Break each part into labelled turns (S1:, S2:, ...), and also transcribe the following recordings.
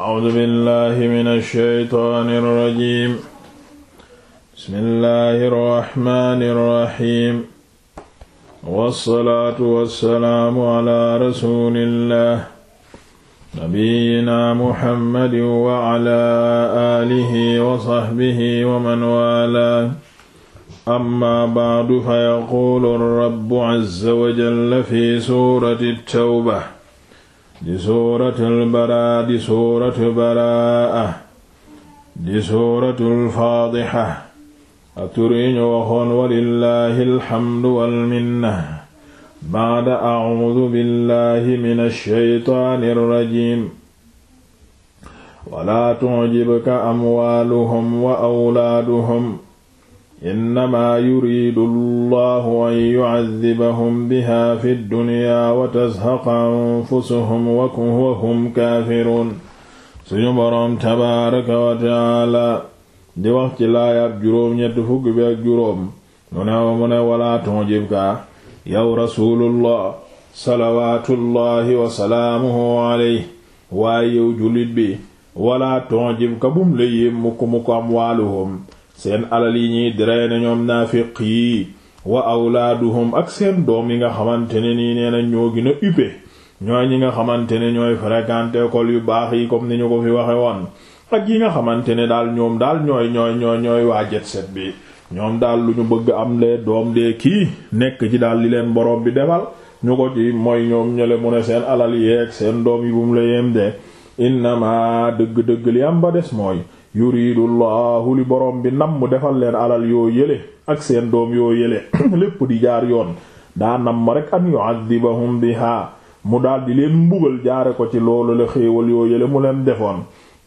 S1: A'uuzu billaahi mina shaytaani rajiim. Bismillaahi rahmaani rahiim. Wassalaatu wassalaamu alaa rasuulillaah. Nabiyyinaa Muhammadin wa alaa aalihi wa sahbihi wa man waalaah. Ammaa ba'du fayaquulu rabbu azza wa jalla fi suurati tawba. di suuratul baraa di suuratu baraa di suuratul faadixa atur yi ñu waxoon walillaahi alxamdu walminna ba'da acuudu billaahi min alsheytaani alrajiim walaa tucjibka amwaaluhum wa awlaaduhum innama yuridu allahu an yu'adhibahum biha fi dunya wa tazhaqa anfusuhum wa hum kaafiruun suñu boroom tabaaraka wa taala di wax ci laayab juróom ñett fukk bi ak juróom mu ne mu ne walaa tunjib ka yow rasuulullah salawaatullahi wa salaamuhu alayhi waaye yow jullit bi walaa tunjib ka bum la yéem mukk mukk amwaaluhum seen alal yi ñuy drainer ñoom naafiq yii wa awlaaduhum ak seen doom yi nga xamante ne nii nee na ñoo gi a upe ñooy ñi nga xamante ne ñooy fréquenter kol yu baax yi comme ni ñu ko fi waxe woon ak yi nga xamante ne daal ñoom daal ñooy ñooy ñooy ñooy waa jet set bi ñoom daal lu ñu bëgg am lee doom dee kii nekk ci daal li leen borom bi defal ñu ko ci mooy ñoom ñële mu ne seen alal yeeg seen doom yi bu mu la yem de innama dëgg-dëgg li am ba des mooy yuridu llahu li borom bi nam mu defal leen alal yoo yële ak seen doom yoo yële lépp di jaar yoon daa nam ma rek an yu'adhibahum biha mu daldi leen mbugal jaare ko ci loolu la xéewal yoo yële mu leen defoon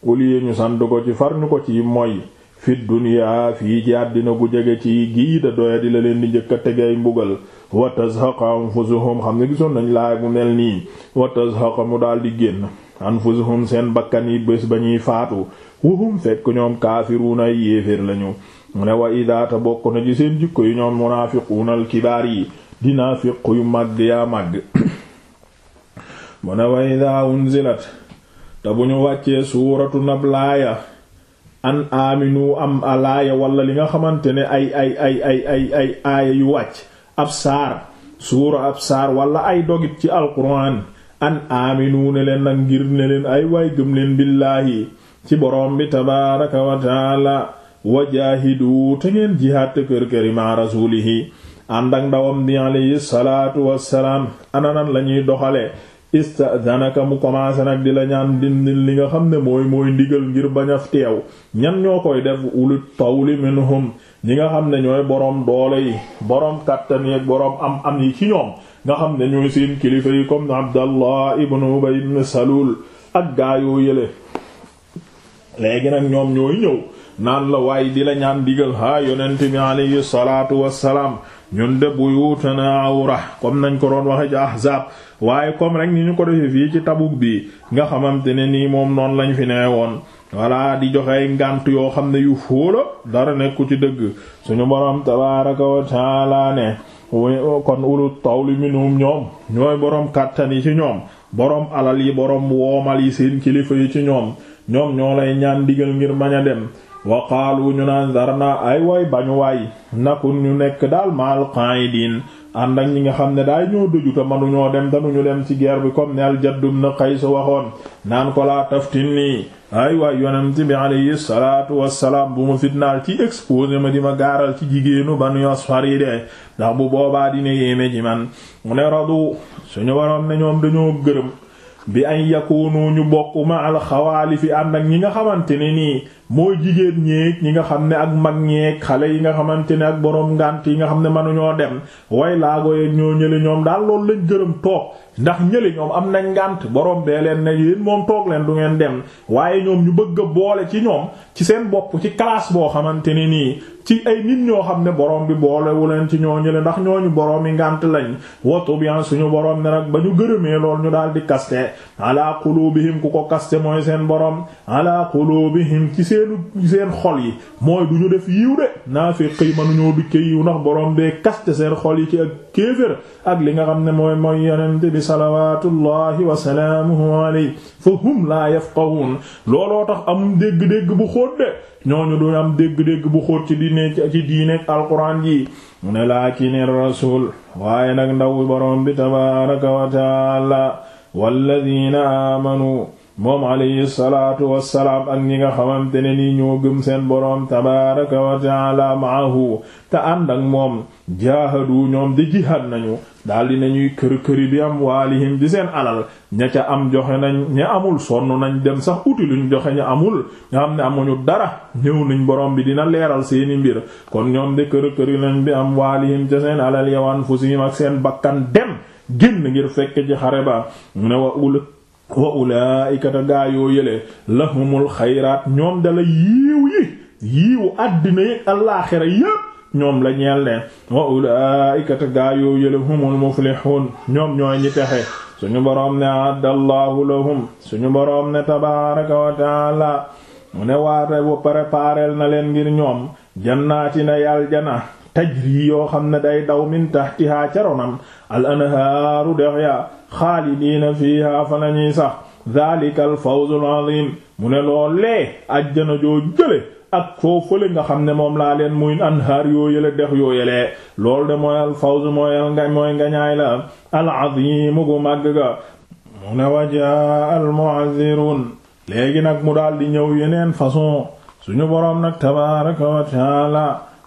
S1: au ñu sant ko ci far ñu ko ci mooy fi duniyaa fii ji àddina gu jege ci gii da doya di la leen di njëkk a tegay mbugal wa tazhaqa anfusuhum xam nga gisoon nañ laay mu mel nii wa tazhaqa mu daal di génn anfusuhum seen bakkan yi bés ba ñuy faatu wuhum fekk ñoom kaafiruuna ay yéeféer lañu mu ne wa bokk na ci seen jikko yi ñoom munaafiquuna alkibaar yi dinaa fiq yu màgg yaa màgg mu ne wa idaa unzilat te bu ñu wàccee suuratu nab laaya an aminu am alaaya wala li nga xamante ne ay ay ay ay ay ay aaya yu wàcc ab saar suura ab saar wala ay dogit ci alquran an aminu ne leen nag ngir ne leen ay waay gëm leen billaahi ci boroom bi tabaaraka wa taala wajaahidu te ngeen jihaad te kër këri ma rasuulihi ànd ak ndawam bi alayhi wassalaam ananan lañuy doxale ista'dhanaka mu commencé nag di la ñaan dindin li nga xam ne mooy mooy ndigal ngir bañ a teew ñan ñoo koy def ulu tawli minhum ñi nga xam ne ñooy boroom doole yi boroom kàttan yi ak boroom am am yi ci ñoom nga xam ne ñooy seen kilifa yi comme Abdallah ibn Ubay ibn Salul ak gaayoo yële léegi nag ñoom ñooy ñëw naan la waaye di la ñaan digal haa yonent bi alayhi salaatu wassalaam ñun de buyutana awra comme nañ ko doon waxe ci ahzaab waaye comme rek ni ñu ko defee fii ci tabuk bii nga xamante ne nii moom noon lañu fi nee woon walla di joxe ay ngànt yoo xam ne yu fóola dara nekku ci dëgg suñu borom tabaaraka wa taala ne kon ulul tawli minhum ñooy borom kàttan yi ci ñoom borom alal yi borom woomal yi seen kilifa yi ci ñoom ñoom ñoo lay ñaan digal ngir mañ a dem wa qaalu ñu naan zarna ay way bañu waay nakun ñu nekk daal ma qa'idiin ànd ak ñi nga xam ne daay ñoo dëjuta ñoo dem danuñu dem ci guerre bi comme ne al jaddum na Qays waxoon naan ko laa taftin nii ay waay yonent bi alayhi salaatu wassalaam bu ma fitnaal ci exposé ma di ma gaaral ci jigéenu Banu Asfar yi de ndax bu boobaa dina yéeme ji man mu ne radu suñu waroon ne ñoom dañoo gërëm bi ay yakunu ñu bokk ma al xawaalifi ànd ak ñi nga xamante ne nii mooy jigéen ñeeg ñi nga xam ne ak mag ñeeg xale yi nga xamante ne ak boroom ngànt yi nga xam ne mënuñoo dem way laago yeeg ñoo ñële ñoom daal loolu lañ gërëm toog ndax ñële ñoom am nañ ngànt boroom bee leen na yéen moom toog leen du ngeen dem waaye ñoom ñu bëgg a boole ci ñoom ci seen bopp ci classe boo xamante ne nii ci ay nit ñoo xam ne boroom bi boolewu leen ci ñoo ñële ndax ñooñu boroom yi ngànt lañ woto bien suñu boroom ne nag ba ñu gërëmee lool ñu daal di kaste ala qulubihim ku ko kaste mooy seen borom seenu seen xol yi mooy du ñu def yiw de naafiq yi mënuñoo dikke yiw ndax borom bee kaste seen xol yi ci ak kéefër ak li nga xam ne mooy mooy yonente bi salawatullahi wa salaamuhu alayhi fa hum laa yafqahun looloo tax am dégg-dégg bu xóot de ñooñu du am dégg-dégg bu xóot ci diine ci diine ak alquran yi mu ne laakini rasul waaye nag ndaw borom bi tabaraka wa taala walladina amanu moom alayhi salaatu wassalaam ak ñi nga xamante ne nii ñoo gëm seen boroom tabaaraka wa taala maahu te ànd ak moom jaahadu ñoom di jihaad nañu daldi nañuy kër këri bi am waalihim di seen alal ña ca am joxe nañ ña amul sonn nañ dem sax uti luñ joxe ña amul ña xam ne amuñu dara ñëw nañ borom bi dina leeral seeni mbir kon ñoom di kër këri nañ bi am waalihim ca seen alal yawaan fusihim ak seen bakkan dem génn ngir fekk ci xare ba mu ne wa ul wa ulaa'ika te gaa yoo yële lahumul xayraat ñoom dala yiiw yi yiiwu àddina yi alaaxira yépp ñoom la ñeel ne wa ulaa'ika te gaa yoo yële humul muflixuun ñoom ñooy ñi texe suñu boroom ne àddallahu lahum suñu boroom ne tabaaraka wa taala mu ne waate wa préparel na leen ngir ñoom jannaati na yàl jana tajri yoo xam ne day daw min tahtiha ca ronam al anhaaru dex ya xaalidiina fiihaa fa nañuy sax dhalika al fawzul mu ne loolee ajjana joo jële ak foofale nga xam ne moom laa leen muy anhaar yoo yële dex yoo yële loolu de mooy al mooy al nga mooy la al azim gu màgg ga mu ne wajaa al mu'azzirun léegi nag mu daal di ñëw yeneen façon suñu boroom nag tabaaraka wa taala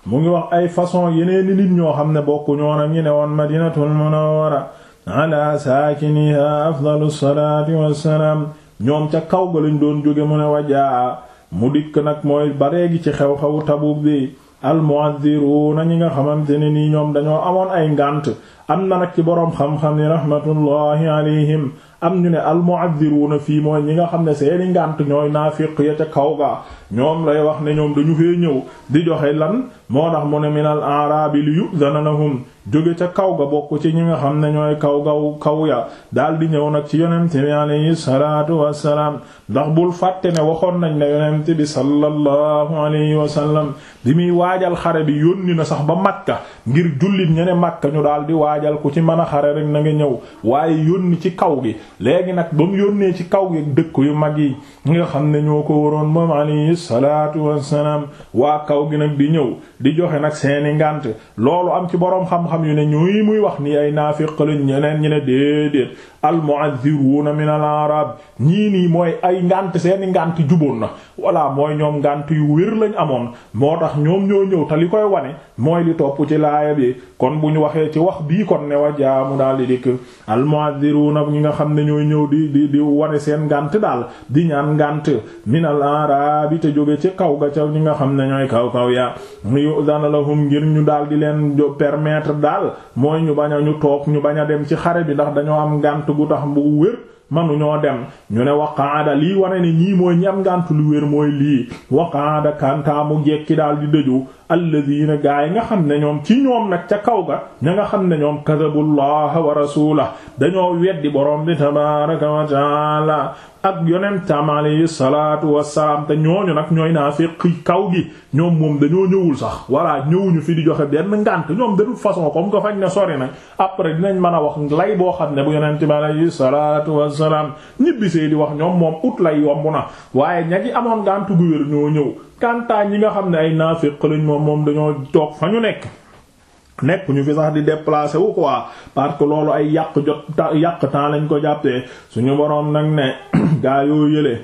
S1: mu ngi wax ay façon yeneen nit ñoo xam ne bokku ñoonam ñi ne woon madinatul munawwara ala saakiniha afdalu salaati wassalaam ñoom ca kaw ga lañ doon jóge mu ne wajaa mu dikk nag mooy baree gi ci xew-xewu Tabuk bi almu'addiruuna ñi nga xamante ne nii ñoom dañoo amoon ay ngànt am na nag ci boroom xam-xam ni rahmatullahi alayhim am ñu ne almu'addiruuna fii mooy ñi nga xam ne seeni ngànt ñooy naafiq ya ca kaw ga ñoom lay wax ne ñoom dañu fee ñëw di joxe lan moo tax mu ne minal arabi li yu'dhana lahum jóge ca kaw ga bokk ci ñi nga xam ne ñooy kaw gaw kaw ya daal di ñëw nag ci yonente bi alayhi salaatu wassalaam ndax bul fàtte ne waxoon nañ ne yonente bi sallallahu alayhi wasallam bi muy waajal xare bi yónni na sax ba Makka ngir jullit ñene Makka ñu daal di waajal ku ci mën a xare rek na ngi ñëw waaye yónni ci kaw gi léegi nag ba mu yónnee ci kaw gi dëkk yu mag yi nga xam ne ñoo ko waroon salaatu wassalaam waa kaw gi nag di ñëw di joxe nag seeni ngànt loolu am ci boroom xam-xam yu ne ñuy muy wax nii ay naafiq lañ ñeneen ñi ne déedéet al mu'adhdhiruuna min al arab ñii nii mooy ay ngànt seeni ngànt juboon na walla mooy ñoom ngànt yu wér lañ amoon moo tax ñoom ñoo ñëw te li koy wane mooy li topp ci laaya bi kon bu ñu waxee ci wax bii kon ne wa jaamu daal di dikk wu mu'adhdhiruuna ñi nga xam ne ñooy ñëw di di di wane seen ngànt daal di ngànt te jóge ci kaw ga ca ñi nga xam ne ñooy kaw kaw yaa yu'zan lahum ngir ñu daal di leen permettre daal mooy ñu bañ a ñu toog ñu bañ a dem ci xare bi ndax dañoo am ngànt gu tax bu wér manu ñoo dem ñu ne waqaada lii wane ne ñii mooy ñi am ngànt lu wér mooy lii waqaada kanta mu jekki daal di dëju alladina gaa yi nga xam ne ñoom ci ñoom nag ca kaw ga ña nga xam ne ñoom kadabullaha wa rasulah dañoo weddi boroom bi tabaraka wa taala ak yonentam alayhi wa wassalaam te ñooñu nag ñooy naafiqi kaw gi ñoom moom dañoo ñëwul sax voilà ñëwuñu fi di joxe benn ngànt ñoom de toute façon comme ko fañ ne sori nañ après dinañ mën a wax lay boo xam ne bu yonent bi alayhi salaatu wassalaam ñibbisee di wax ñoom moom ut lay yomb na waaye ña ci amoon ngàntu gu wér ñoo ñëw kantaa yi nga xam ne ay naafiq lañ moom moom dañoo toog fa ñu nekk nekk ñu fi sax di déplacer wu quoi parce que loolu ay yàq jot yàq temps lañ ko jàppee suñu boroom nag ne gaa yoo yële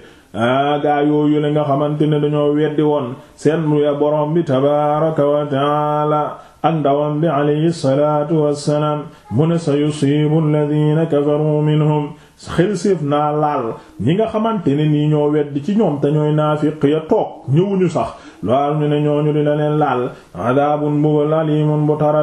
S1: ah gaa yoo yële nga xamante ne dañoo weddi woon seen muya boroom bi tabaraka wa taala ak ndawam bi alayhi salatu wassalaam mu ne sa yusibu alladhina kafaru minhum xel séef naa laal ñi nga xamante ne nii ñoo weddi ci ñoom te ñooy naafiq ya toog ñëwuñu sax loolu ñu ne ñooñu dina leen laal adaabun mbugal alimun bu tar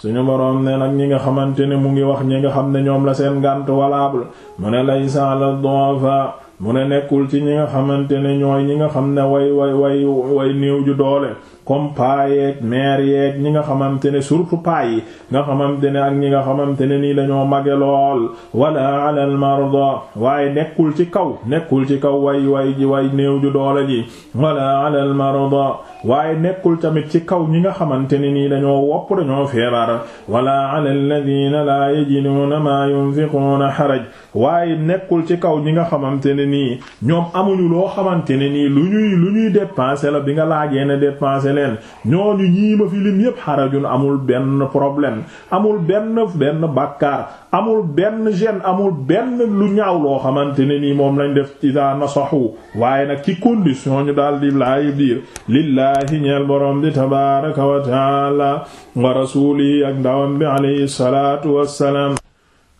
S1: suñu boroom ne nag ñi nga xamante ne mu ngi wax ñi nga xam ne ñoom la seen ngànt valable mu ne laysa ala du'afa mu ne nekkul ci ñi nga xamante ne ñooy ñi nga xam ne way way way way néew ju doole comme paa yeeg mère yeeg ñi nga xamante ne surtout paa yi nga xamante ne ak ñi nga xamante ne nii dañoo mage lool wala alal marda waaye nekkul ci kaw nekkul ci kaw way way ji way néew ju doole ji wala alal marda waaye nekkul tamit ci kaw ñi nga xamante ne nii dañoo wopp dañoo feebar wala alal ladina la yajiduna ma yunfiquna haraj waaye nekkul ci kaw ñi nga xamante nii ñoom amuñu loo xamante ne nii lu ñuy lu ñuy dépenser la bi nga laajee ne dépenser leen ñooñu ñii ma fi lim yépp xarajun amul benn problème amul benn benn bàkkaar amul benn gêne amul benn lu ñaaw loo xamante ne nii moom lañ def idaa nasaxu waaye nag ci condition ñu daal di laay biir lillaahi ñeel borom bi tabaaraka wa taala ak ndawam bi alayhi wassalaam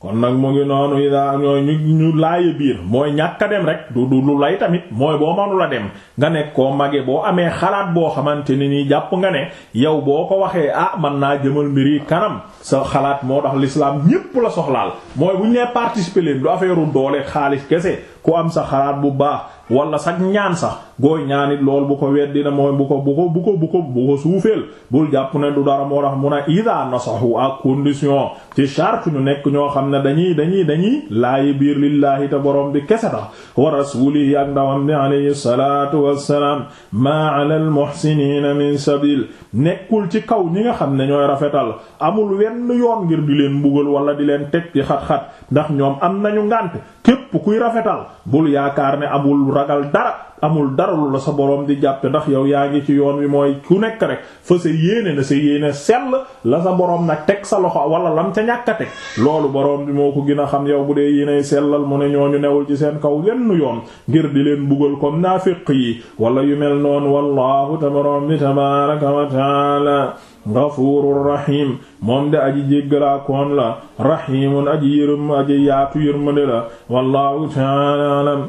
S1: kon nag mu ngi noonu ida ñooy ñu ñu laaye biir mooy ñàkk a dem rek du du lay tamit mooy boo manula dem nga nekk koo mage boo amee xalaat boo xamante ni nii jàpp nga ne yow boo ko waxee ah man naa jëmal mbir yi kanam sa xalaat moo tax l'islam ñépp la soxlaal mooy bu ñu nee participer leen du affaire doole xaalis kese ku am sa xalaat bu baax wala sax ñaan sax gooy ñaanit lool bu ko weddina mooy bu ko bu ko bu ko bu ko bu ko suufeel bul jàpp ne du dara moo tax mun a ida nasahu ak condition ci charte ñu nekk ñoo xam ne dañuy dañuy dañuy laayi biir lillaahi te borom bi kese tax a rasulihi ak ndawam bi alayhi salatu wassalaam ma ala al muhsiniina min sabil nekkul ci kaw ñi nga xam ne ñooy rafetal amul wenn yoon ngir di leen mbugal wala di leen teg ci xat ndax ñoom am nañu ngànt képp kuy rafetal bul yaakaar ne amul ragal dara amul dara lu la sa borom di jàpp ndax yow yaa ngi ci yoon wi mooy ku nekk rek fa sa yéene na sa yéene sell la sa boroom na teg sa loxo wala lam ca ñàkk a teg loolu borom bi moo ko gën a xam yow bu dee yéenay sellal mu ne ñooñu newul ci seen kaw lenn yoon ngir di leen buggal comme naafiq yi wala yu mel noon wallahu ta borom bi tabaraka wa taala gafuurur rahim moom de aji jéggalaakoon la rahimun aji yërëm aji yaatu yërmande la wallahu taala alam